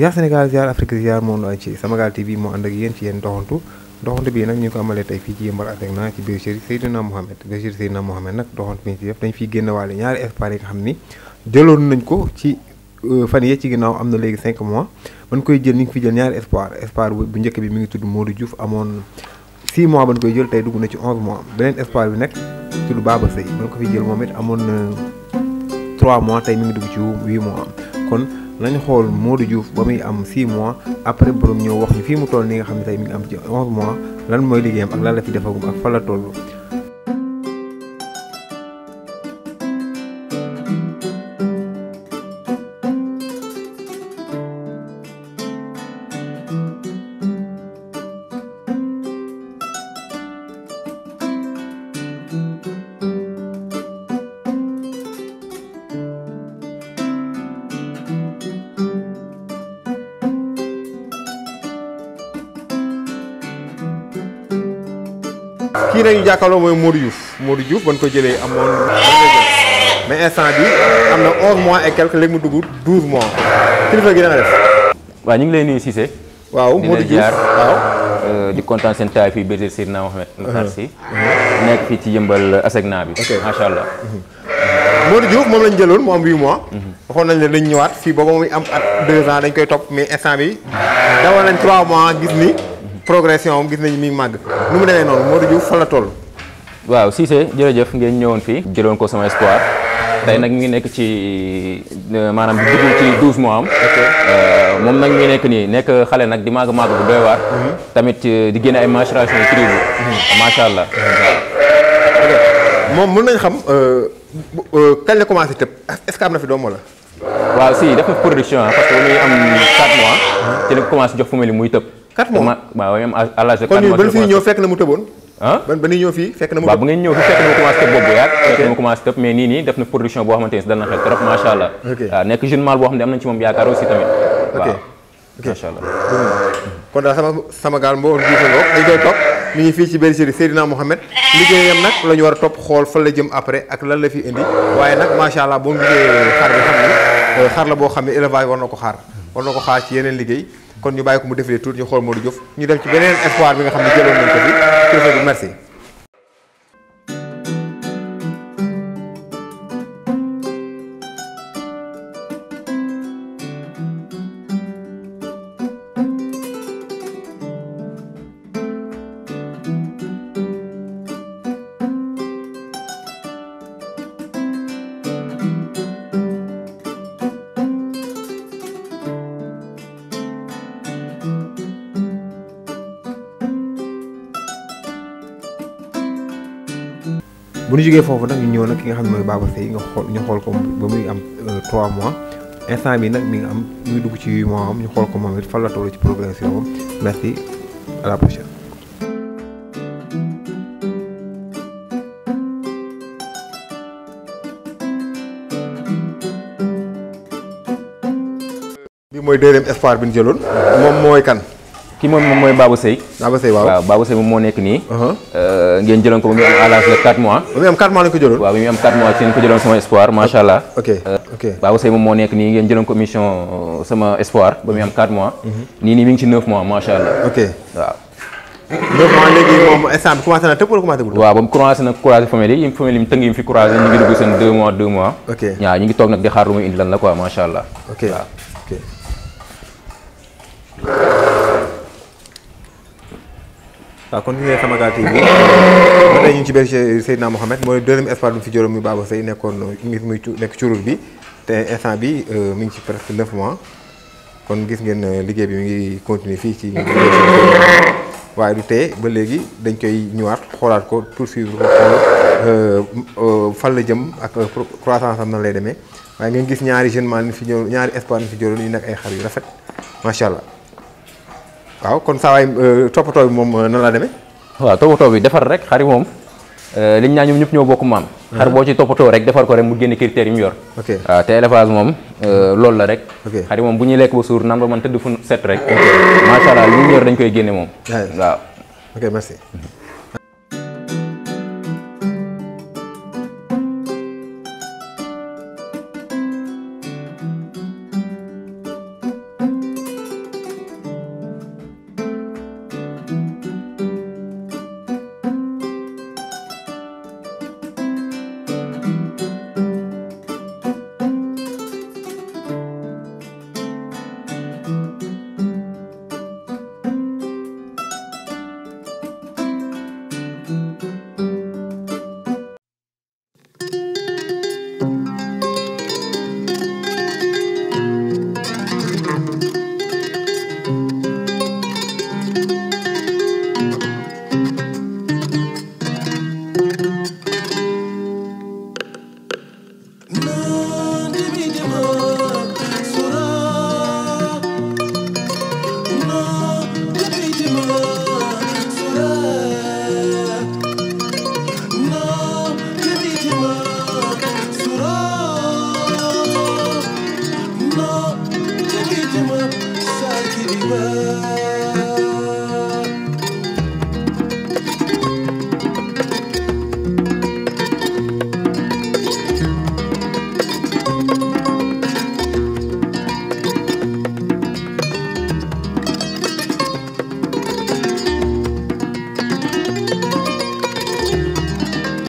ziar Sénégal ziar Afrique ziar monde entier Samagal TV moo ànd ak yéen ci yéen doxantu doxantu bii nag ñu ko amalee tey fii ci yëmbal atek na ci bergerie Seydina Mohamed bergerie Seydina Mohamed nag doxantu bi ci def dañ fiy génn waale ñaari espoir yi nga xam ni jëloon nañ ko ci euh, fan yee ci ginnaaw am na léegi 5 mois ban koy jël ñu ngi fi jël ñaari espoir bi mi ngi tudd Modou Diouf amoon 6 mois ban koy jël tey dugg na ci 11 mois beneen espoir bi nag tudd Baba Seye ban ko fi jël moom it amoon 3 mois tey mi ngi dug ci 8 mois nañ xool Modou Diouf ba muy am 6 mois après borom ñëw wax ñu fii mu toll nii nga xam ne tey ngi am ci 11 mois lan mooy liggéeyam ak lan la fi defagum ak fa la toll. kii nañu jàkkaarloo mooy Modou Diouf Modou Diouf ba ñu ko jëlee amoon mais instant bi am na 11 mois et quelque léegi mu dugg 12 mois kilifa gi da nga waaw ñu ngi lay nuyu Cissé. waaw Modou Diouf waaw euh, di kontaan seen taay fii Bézir Sirna Mohamed. Uh-huh. si uh-huh. nekk fii ci yëmbal euh, Asegna bi. macha allah. Uh-huh. Modou Diouf moom lañ jëloon mu am 8 mois. waxoon nañ ne ñëwaat fii booba muy am at 2 ans dañ koy topp mais instant bi dawal nañ 3 mois gis ni. progression am gis nañu mi màgg nu mu demee noonu Modou Diouf fan la tool waaw Cissé jërëjëf ngeen ñëwoon fii. jëloon ko sama espoir. tey nag mu ngi nekk ci euh, maanaam dugg ci douze mois am. Euh, moom nag mi nekk nii nekk xale nag di màgg màgg bu doy waar. Mhm. tamit euh, di génne ay maturation yu tribu. Mhm. macha allah. moom mën nañ xam kañ la commencé tëb est na fi doom wala. waaw si def na production parce que bu muy am 4 mois. Mhm. ci la commencé jox fu muy tëb. 4 mois waaw même à l'âge de 4 fekk na mu tëboon ba ni ñëw fii fekk na mu waaw bu ngeen ñëw fii fekk na mu commencé tëb boobu yaag fekk na mu commencé tëb mais nii nii def na production boo xamante ni dal na xel trop ah, boo xam ne am nañ ci moom yaakaar aussi sama sama gaal mboo jiite ngoo dañ koy topp mi ngi fii ci bergerie Seydina Mohamed liggéeyam nag la ñu war a topp xool fan la jëm après ak lan la fi indi waaye nag macha allah boo gisee xar bi xam ni xar la boo xam ne élevage war na ko xaar war ci yeneen liggéey kon ñu bàyyi ko mu défilé tuuti ñu xool Modou Diouf ñu dem ci beneen espoir bi nga xam ne jëloon nañ ko fi préfet bi merci bu ñu jógee foofu nag ñu ñëw nag ki nga xam ne mooy Babacar Seye nga xool ñu xool ko ba muy am 3 euh, mois instant bi nag mi ngi dugg ci 8 mois am ñu xool ko moom it fan la toll ci progression am merci à la prochaine. mooy deuxième espoir bi ñu jëloon moom mooy kan. ki moom moom mooy Babou Seye. waaw waaw moom moo nekk nii. ngeen jëloon ko ba muy am à l'âge de mois. ba muy am 4 mois lañ ko jëloon. waaw ba muy am 4 mois ci lañ ko jëloon sama moo nekk nii ngeen jëloon ko mission euh, sama espoir ba muy am 4 mm-hmm. nii nii mi ngi ci 9 mois macha allah. ok waaw. donc man na tëb wala mois 2 mois. ok waaw ñu ngi toog nag di xaar allah. waaw kon ñu ngi Samagal TV ba tey ñu ngi ci berger Seydina Mohamed mooy deuxième espoir bu fi juróom yu Baba Seye nekkoon ngir muy nekk curur bi te instant bi euh, mi ngi ci presque 9 mois kon gis ngeen euh, liggéey bi mi ngi continuer fii ci waaye du tee ba léegi dañ koy ñëwaat xoolaat ko poursuivre ko euh, fan la jëm ak croissance am na lay demee waaye ngeen gis ñaari jeune man fi ñëw ñaari espoir ni fi juróom yu nag ay xar yu rafet macha allah. waaw kon saa waay euh, toppatoo bi moom euh, nan laa deme waaw toppatoo bi defar rek xari moom euh, liñ naa ñu ñëpp ñoo bokk maam. Ah. xar boo ci toppatoo rek defar ko rek mu génne critères yi mu yor. ok waaw te moom loolu la rek. ok xari moom bu ñuy lekk ba suur naan ba man tëdd fu set rek. macha allah li ñu yor dañ koy génne moom. waaw we were.